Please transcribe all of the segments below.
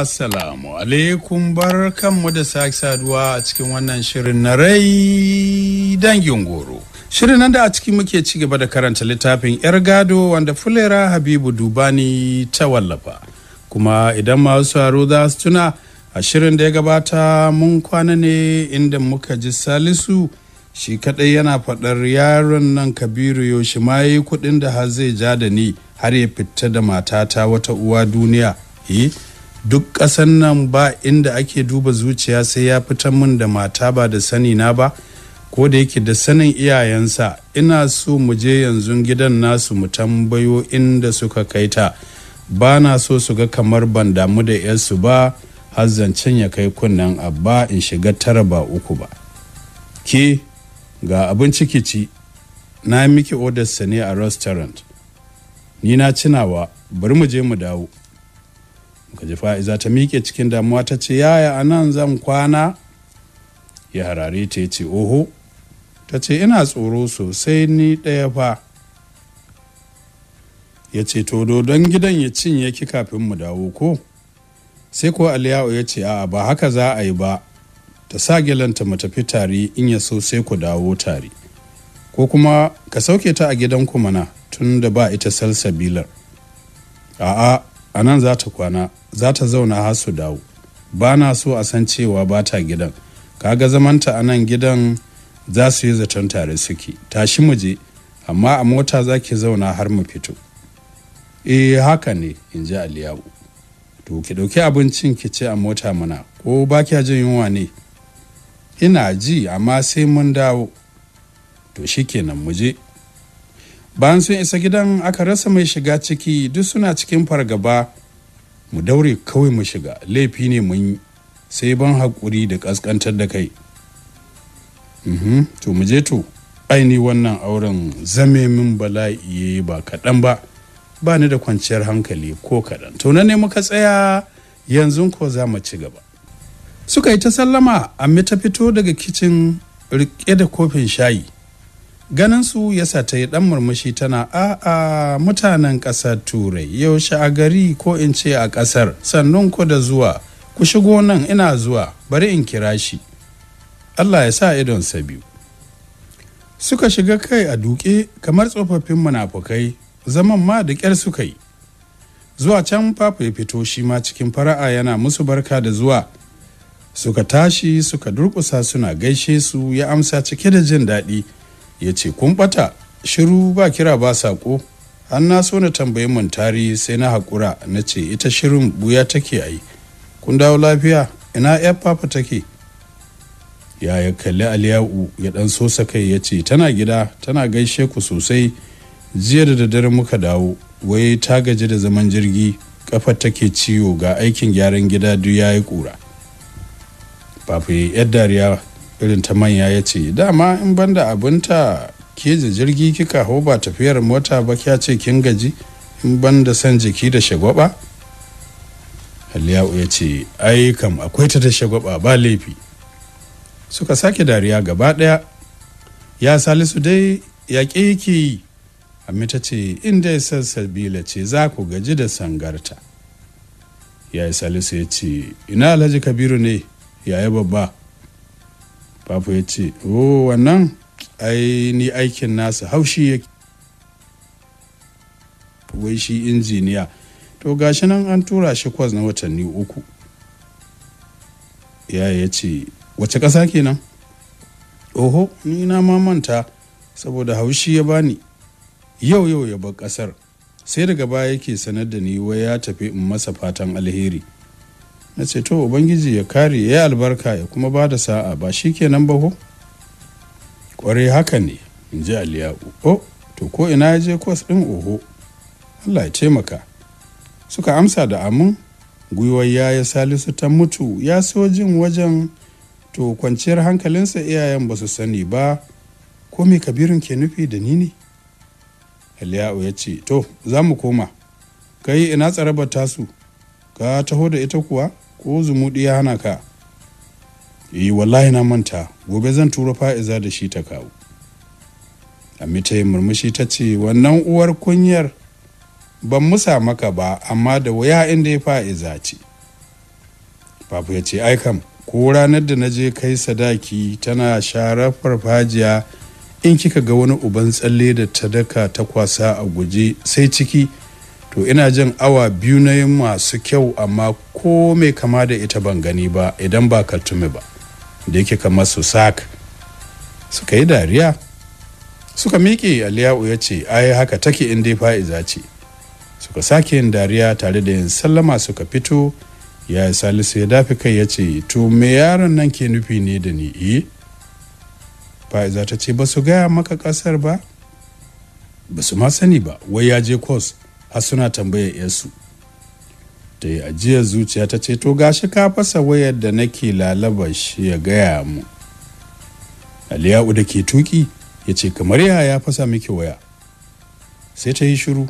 Assalamu alaikum bar kanmu da sake saduwa a cikin wannan shirin na rai dangin goro. Shirin nan da a ciki muke ci gaba da karanta littafin 'yar gado wanda fulera Habibu Dubani ta wallafa. Kuma idan masu saro za su tuna a shirin da ya gabata mun kwana ne inda muka ji Salisu shi kaɗai yana faɗar yaron nan Kabiru yaushe ma yi kuɗin da har zai ja da ni har ya fita da matata wata uwa duniya. Eh? duk ƙasan nan ba inda ake duba zuciya sai ya fitan min da mata ba da sani na ba ko da yake da sanin iyayensa ina so mu je yanzu gidan nasu mu tambayo inda suka kai ta ba na so su ga kamar ban damu da yansu ba har zancen ya kai kunnen abba in shiga tara ba uku ba ke ga abin ciki ci na miki odarsa ne a restaurant ni na cinawa bari mu je mu dawo kaji fa'iza ta miƙe cikin damuwa ta ce yaya a nan zan kwana ya harare ta ce oho ta ce ina tsoro sosai ni ɗaya fa ya ce to dodon gidan ya cinye ki kafin mu dawo ko sai ko aliyu ya ce a'a ba haka za a yi ba ta sa gilanta mu tafi tare in ya so sai ku dawo tare ko kuma ka sauke ta a gidan mana tun da ba ita salsabilar a'a a nan za ta kwana za ta zauna har su dawo ba na so a san cewa ba ta gidan kaga zamanta a nan gidan za su yi zaton tare suke tashi mu je amma a mota za ki zauna har mu fito eh haka ne in ji aliyawo to ki ɗauki abincin ki ce a mota mana ko ba kya jin yunwa ne ina ji amma sai mun dawo to shikenan mu je bayan sun isa gidan aka rasa mai shiga ciki duk suna cikin fargaba mu daure kawai mu shiga laifi ne mun yi sai ban haƙuri da ƙasƙantar da kai mhm. to mu je to aini wannan auren zame min bala'i ba kaɗan ba ba ni da kwanciyar hankali ko kaɗan to ne muka tsaya yanzu ko za mu ci gaba suka yi ta sallama amma ta fito daga kicin rike da kofin shayi ganin su ya sa ta yi dan murmushi tana a a mutanen ƙasar turai yaushe a gari ko in ce a ƙasar sannan ku da zuwa ku shigo nan ina zuwa bari in kira shi allah ya sa sa biyu suka shiga kai a duke kamar tsofaffin munafukai zaman ma da ƙyar suka yi zuwa can fafa ya fito shi ma cikin fara'a yana musu barka da zuwa suka tashi suka durƙusa suna gaishe su ya amsa cike da jin daɗi ya ce kun bata shiru ba kira ba saƙo an na so na tambayi mun tari sai na haƙura na ce ita shirin buya take a yi kun dawo lafiya ina yar papa take ya ya kalli aliyu ya dan so kai ya ce tana gida tana gaishe ku sosai jiya da daddare muka dawo wai ta gaji da zaman jirgi kafar take ciwo ga aikin gyaran gida duk ya yi kura papa yar dariya irin ta manya ya ce dama in banda abinta ke da jirgi kika hau ba tafiyar mota ba kya ce kin gaji in banda san jiki da shagwaba Aliyu ya ce ai kam akwai ta da shagwaba ba laifi suka sake dariya gaba daya ya salisu dai ya ƙi yake yi amma ta ce inda ya sabila ce za ku gaji da sangarta ya yi salisu ya ce ina alhaji kabiru ne yaya babba Papu ya ce, "Oh, wannan ai ni aikin nasa haushi yake." Wai shi injiniya, to gashi nan an tura shi kwas na watanni uku. Ya ya ce, "Wace ƙasa kenan?" Oho, ni na ma manta saboda haushi ya bani. Yau yau ya bar ƙasar, sai daga baya yake sanar da ni wai ya tafi in masa fatan alheri. na ce to ubangiji ya kare ya albarka ya kuma ba da sa'a ba shi ke nan baho kware haka ne in ji aliyu o to ko ina ya je kwas ɗin oho allah ya taimaka suka amsa da amin gwiwar yaya salisu ta mutu ya sojin wajen to kwanciyar hankalinsa iyayen ba su sani ba ko me kabirin ke nufi da ni ne aliyu ya ce to za mu koma kai ina tsarabar tasu ka taho da ita kuwa ko zumuɗi ya hana ka yi eh, wallahi na manta gobe zan tura fa'iza da shi ta kawo amma ta yi murmushi ta ce wannan uwar kunyar ban musa maka ba amma da waya inda ya fa'iza ce babu ya ce aikam ko ranar da na je kai sadaki tana sharar farfajiya in kika ga wani uban tsalle da ta daka ta kwasa a guje sai ciki to ina jin awa biyu na yin masu kyau amma ko mai kama da ita ban gani ba idan ba kaltume ba da yake kamar su sak suka yi dariya suka miƙe aliyu ya ce ai haka take in dai fa'iza ce suka sake yin dariya tare da yin sallama suka fito ya yi salisu ya dafi kai ya ce to me yaron nan ke nufi ne da ni Eh. fa'iza ta ce ba su gaya maka kasar ba ba su ma sani ba wai ya je kos har suna tambayar yasu ta yi ajiyar zuciya ta ce to gashi ka fasa wayar da nake lalaba shi ya gaya mu aliyu da ke tuki ya ce kamar ya ya fasa miki waya sai ta yi shiru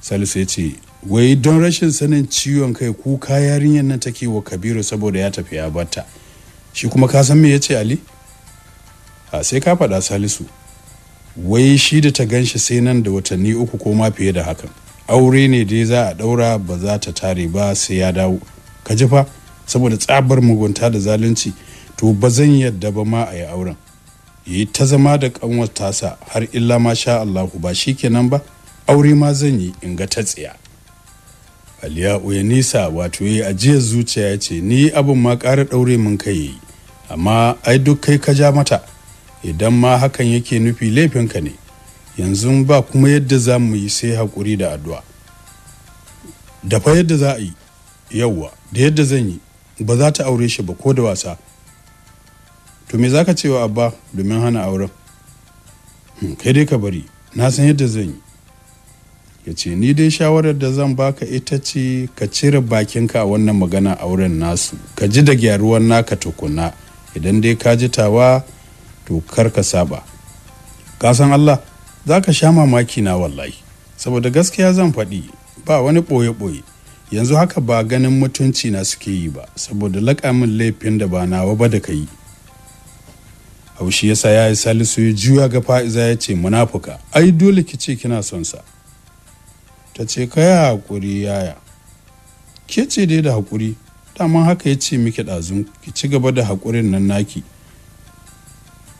salisu ya ce wai don rashin sanin ciwon kai kuka yarinyar nan take wa kabiru saboda ya tafi ya bata shi kuma ka san me ya ce ali a sai ka faɗa salisu wai shi da ta ganshi sai nan da watanni uku ko ma fiye da hakan aure ne dai za a ɗaura ba za ta tare ba sai ya dawo ka ji fa saboda tsabar mugunta da zalunci to ba zan yadda ba ma a yi auren yi ta zama da kanwar tasa har illa ma sha Allahu ba shi kenan ba aure ma zan yi in ga ta tsiya Aliyu ya nisa wato yi ajiyar zuciya ya ce ni abin ma ƙara ɗaure mun kai yi amma ai duk kai ka ja mata idan ma hakan yake nufi laifinka ne yanzu ba kuma yadda za mu yi sai haƙuri da addu'a da fa yadda za a yi yauwa da yadda zan yi ba za ta aure shi ba ko da wasa to me za ka cewa abba domin hana auren hmm, kai dai ka bari na san yadda zan yi ya ce ni dai shawarar da zan baka ita ce ka cire bakinka a wannan magana auren nasu ka ji da gyaruwan naka tukuna idan dai ka ji tawa to kar ka saba ka san allah za ka sha mamaki na wallahi saboda gaskiya zan faɗi ba wani ɓoye-ɓoye yanzu haka ba ganin mutunci na suke yi ba saboda laƙamin laifin da ba nawa ba da ka yi haushi yasa ya yi salisu ya juya ga fa'iza ya ce munafuka ai dole ki ce kina son sa ta ce ka yi haƙuri yaya ke ce dai da haƙuri dama haka ya ce miki ɗazun ki ci gaba da haƙurin nan naki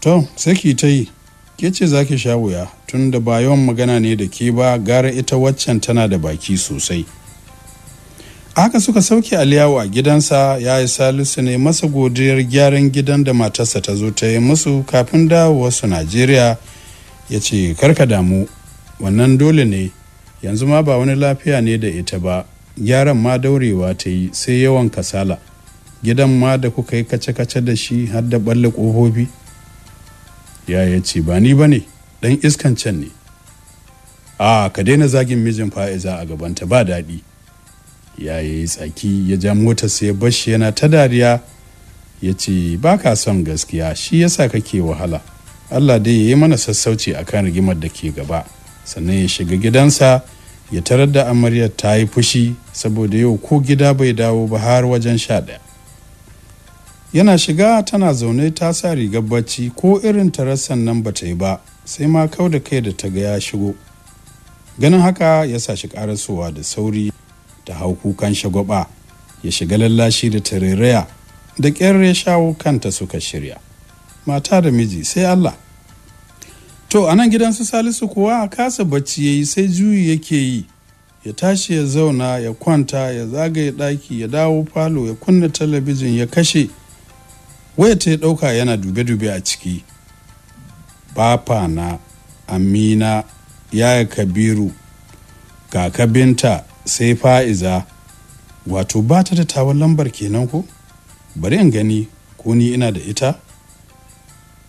to sai ki ta yi ke ce za ki sha wuya tun da ba yawan magana ne da ke ba gara ita waccan tana da baki sosai haka suka sauke aliyawa a gidansa ya yi salisu ne masa godiyar gyaran gidan da matarsa ta zo ta yi musu kafin dawowarsu najeriya ya ce karka damu wannan dole ne yanzu ma ba wani lafiya ne da ita ba gyaran ma daurewa ta yi sai yawan kasala gidan ma da kuka yi kace-kace da shi har da balle ƙofofi ya ya ce ba ni ba ne dan iskan can ne a ka daina zagin mijin fa'iza a gaban ta, ba daɗi ya yi tsaki ya ja mota sai ya bashi yana ta dariya ya ce ba ka son gaskiya shi yasa kake wahala allah dai ya yi mana sassauci a kan rigimar da ke gaba sannan ya shiga gidansa ya tarar da amaryar ta yi fushi saboda yau ko gida bai dawo ba har wajen sha ɗaya yana shiga tana zaune ta sa rigar bacci ko irin tarassan nan ba ta yi ba sai ma kau da kai da ta ga ya shigo ganin haka ya sa shi karasowa da sauri ta hau kukan shagwaba ya shiga lallashi da tarairaya da ƙyar ya shawo kanta suka shirya mata da miji sai allah to a nan gidansu salisu kuwa a kasa bacci ya yi sai juyi yake yi ya tashi ya zauna ya kwanta ya zagaye daki, ya dawo falo ya kunna talabijin ya kashe waya ta ya ɗauka yana dube-dube a ciki na Amina, Yaya Kabiru, Kaka Binta sai Fa'iza. Wato ba ta da tawon lambar kenan ko? Bari in gani ko ni ina da ita?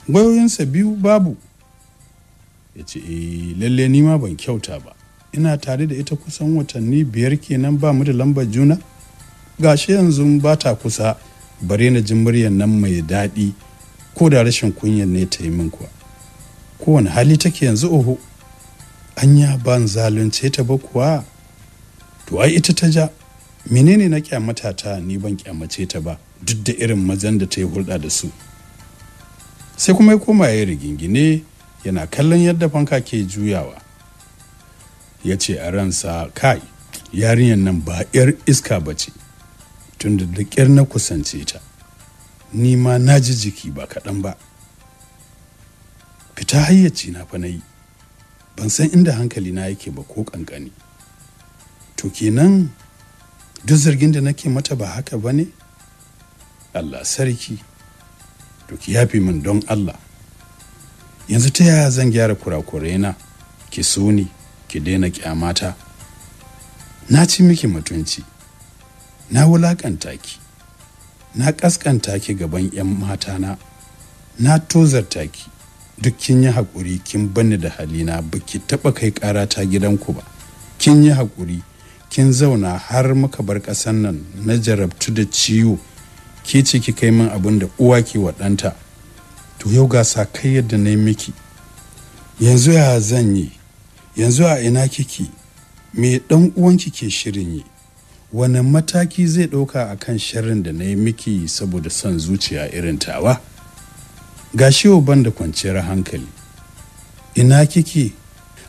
Gwayoyinsa biyu babu. Ya ce, eh lalle ni ma ban kyauta ba. Ina tare da ita kusan watanni biyar kenan ba mu da lambar juna? Gashi yanzu ba ta kusa, bare na ji muryar nan mai daɗi ko da rashin kunyar ne ta yi min kuwa. kowane hali take yanzu oho anya ban zalunce ta ba kuwa to ai ita ta ja menene na kyamata ta ni ban kyamace ta ba duk da irin mazan da ta yi hulɗa da su sai kuma ya koma ya rigingine yana kallon yadda fanka ke juyawa ya ce a ransa kai yarinyar nan ba 'yar iska ba ce tun da na kusance ta ni ma na ji jiki ba kaɗan ba fita hayyaci na fa nayi ban san inda hankali na yake ba ko kankani to kenan duk zargin da nake mata ba haka ba ne allah sarki to ki yafi min don allah yanzu ta yaya zan gyara kurakuraina ki so ni ki daina kyamata na ci miki mutunci na wulakanta ki na kaskanta ki gaban 'yan matana na tozarta ki duk kin yi hakuri kin bani da halina ba ki taɓa kai ƙara ta gidanku ba kin yi haƙuri kin zauna har muka bar ƙasan nan na jarabtu da ciwo ki ce ki kai min abin da uwa ke wa ɗanta to yau ga sa kai yadda na yi miki yanzu ya zan yi yanzu a ina kiki me ɗan uwanki ke shirin yi wani mataki zai ɗauka akan sharrin da na yi miki saboda son zuciya irin tawa? gashi ban da kwanciyar hankali ina kike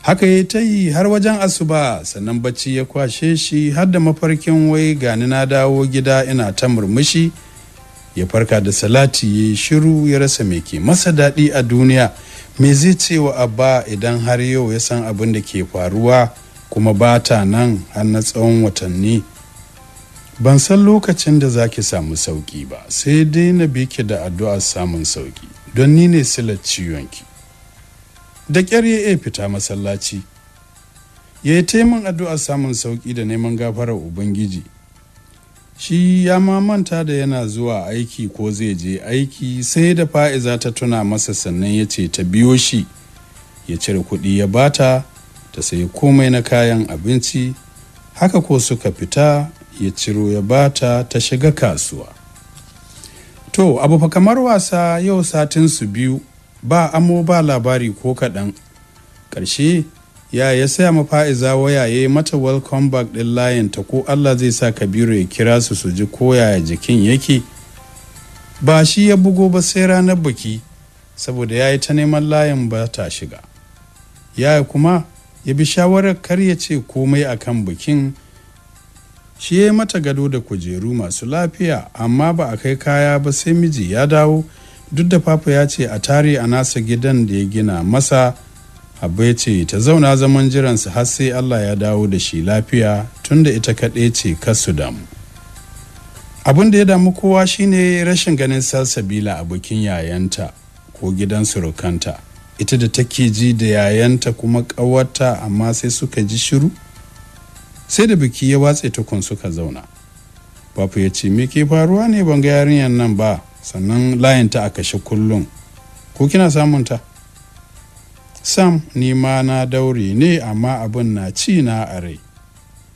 haka ya ta yi har wajen asuba sannan bacci ya kwashe shi har da mafarkin wai gani na dawo gida ina ta murmushi ya farka da salati ya shiru ya rasa mai ke masa daɗi a duniya me zai ce wa abba idan har yau ya san abin da ke faruwa kuma ba ta nan har na tsawon watanni ban san lokacin da za ki samu sauki ba sai dai na bi da addu'ar samun sauki don ni ne silar ciwonki da ƙyar ya iya fita masallaci ya yi taimun addu'a samun sauƙi da neman gafarar ubangiji shi ya mamanta da yana zuwa aiki ko zai je aiki sai da fa'iza ta tuna masa sannan ya ce ta biyo shi ya cire kuɗi ya bata ta sayi komai na kayan abinci haka ko suka fita ya ciro ya bata ta shiga kasuwa to abu fa kamar wasa yau satin su biyu ba amo ba labari ko kaɗan ƙarshe ya ya saya ma fa'iza waya ya mata welcome back ɗin layin ta ko allah zai sa kabiru ya kira su su ji koyaya jikin yake ba shi ya bugo ba sai ranar biki saboda ya yi ta neman layin ba ta shiga ya kuma ya bi shawarar kar ya ce komai akan bikin shi ya mata gado da kujeru masu lafiya amma ba a kai kaya ba sai miji ya dawo duk da fafa ya ce a tare a nasa gidan da ya gina masa abba ce ta zauna zaman jiransu har sai allah ya dawo da shi lafiya tunda ita kaɗai ce kasu damu abin da ya damu kowa shine rashin ganin salsabila a bikin yayanta ko gidan surukanta ita da take ji da yayanta kuma ƙawarta amma sai suka ji shiru sai da biki ya watse tukun suka zauna bafu ya ce me ke faruwa ne ban ga yarinyar nan ba sannan layinta a kashe kullum ko kina samun ta sam ni ma na daure ne amma abin na ci na a rai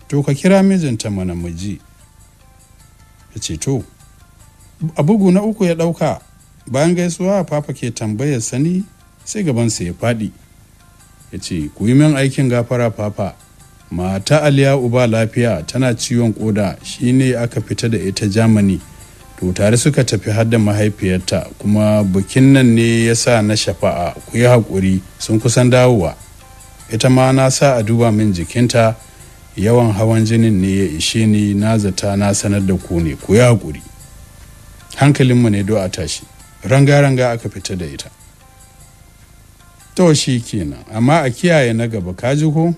to ka kira mijinta mana miji ya ce to a bugu na uku ya ɗauka bayan gaisuwa fafa ke tambayar sani sai gabansa ya faɗi ya ce ku yi min aikin gafara fafa mata aliya uba lafiya tana ciwon koda shine aka fita da ita germany to tare suka tafi har mahaifiyarta kuma bukin nan ne ya sa na shafa'a ku yi haƙuri sun kusan dawowa ita ma na sa a duba min jikinta yawan hawan jinin ne ya ishe ni na zata na sanar da ku ne ku yi haƙuri hankalinmu ne do a tashi ranga-ranga aka fita da ita to shi kenan amma a kiyaye na gaba ka ji ko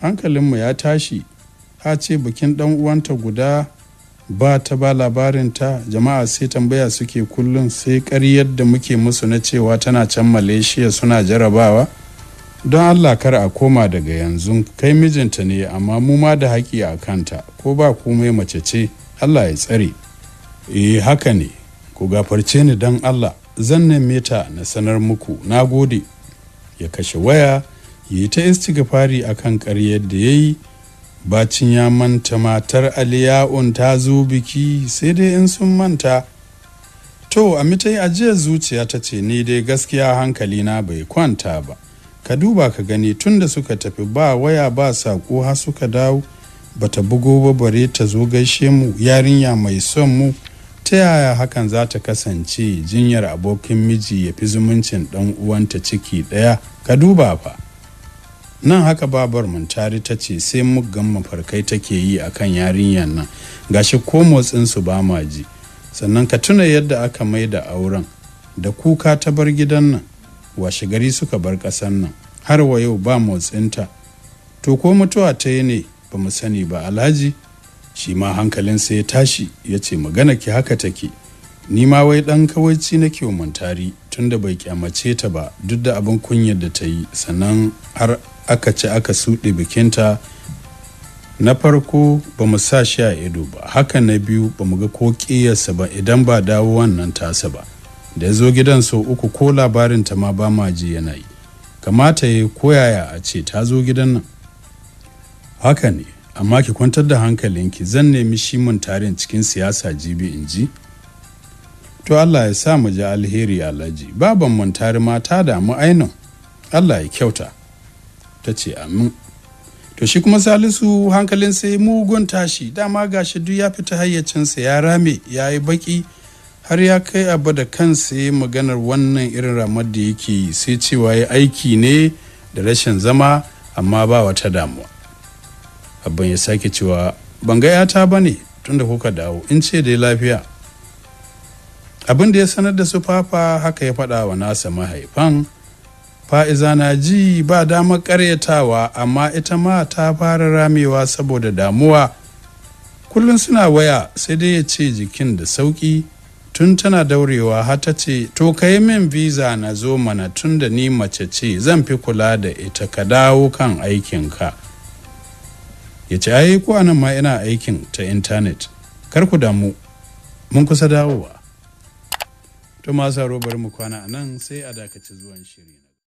hankalinmu ya tashi ha ce bikin ɗan uwanta guda ba ta ba labarinta jama'a sai tambaya suke kullum sai karyar da muke musu na cewa tana can malaysia suna jarabawa don allah kar a koma daga yanzu kai mijinta ne amma mu ma da haƙi a kanta ko ba komai mace ce allah ya tsare eh haka ne ku gafarce ni don allah zan neme ta na sanar muku na gode ya kashe waya yi ta istighfari kan ƙaryar da ya yi bacin ya manta matar aliya'un ta zo biki sai dai in sun manta to a mitai ajiyar zuciya ta ce ni dai gaskiya hankali na bai kwanta ba ka duba ka gani tun da suka tafi ba waya ba saƙo har suka dawo bata bugo ba bare ta zo gaishe mu yarinya mai son mu ta yaya hakan za ta kasance jinyar abokin miji ya fi zumuncin ɗan uwanta ciki ɗaya ka duba fa nan haka babar muntari ta ce sai muggan mafarkai take yi a kan yarinyar nan gashi ko motsin su ba ma ji sannan ka tuna yadda aka mai da auren da kuka ta bar gidan nan washe gari suka bar ƙasar nan har wa yau ba motsinta to ko mutuwa ta yi ne ba mu sani ba alhaji shi ma hankalinsa ya tashi ya ce magana ki haka take ni ma wai ɗan kawaici nake wa muntari tunda bai kyamace ta ba duk da abin kunyar da ta yi sannan har aka ce aka suɗe bikinta na farko ba mu sa shi a ido ba haka na biyu ba mu ga ko ƙiyarsa ba idan ba dawo wannan tasa ba da ya zo gidan sau uku ko labarin ta ma ba ma ji yana yi kamata ya koyaya a ce ta zo gidan nan haka ne amma ki kwantar da hankalinki zan nemi shi mun tarin cikin siyasa jibi in ji to Allah ya sa mu ji alheri alhaji baban mun tari mata da mu Allah ya kyauta ta ce amin to shi kuma salisu hankalin sai mugun tashi dama gashi duk ya fita hayyacinsa ya rame ya yi baki har ya kai abu da kansa ya maganar wannan irin ramar da yake sai cewa ya aiki ne da rashin zama amma ba wata damuwa abban ya sake cewa ban ga yata ba ne tunda kuka dawo in ce da lafiya abin da ya sanar da su fafa haka ya faɗa wa nasa mahaifan fa'iza na ji ba damar karyatawa amma ita ma ta fara ramewa saboda damuwa kullum suna waya sai dai ya ce jikin da sauƙi, tun tana daurewa hata ce to ka yi min visa na zo mana tun da ni mace ce zan fi kula da ita ka dawo kan aikinka ya ce ai ko anan ma ina aikin ta intanet kar ku damu mun kusa dawowa to masu bari mu kwana nan sai a dakaci zuwan shiri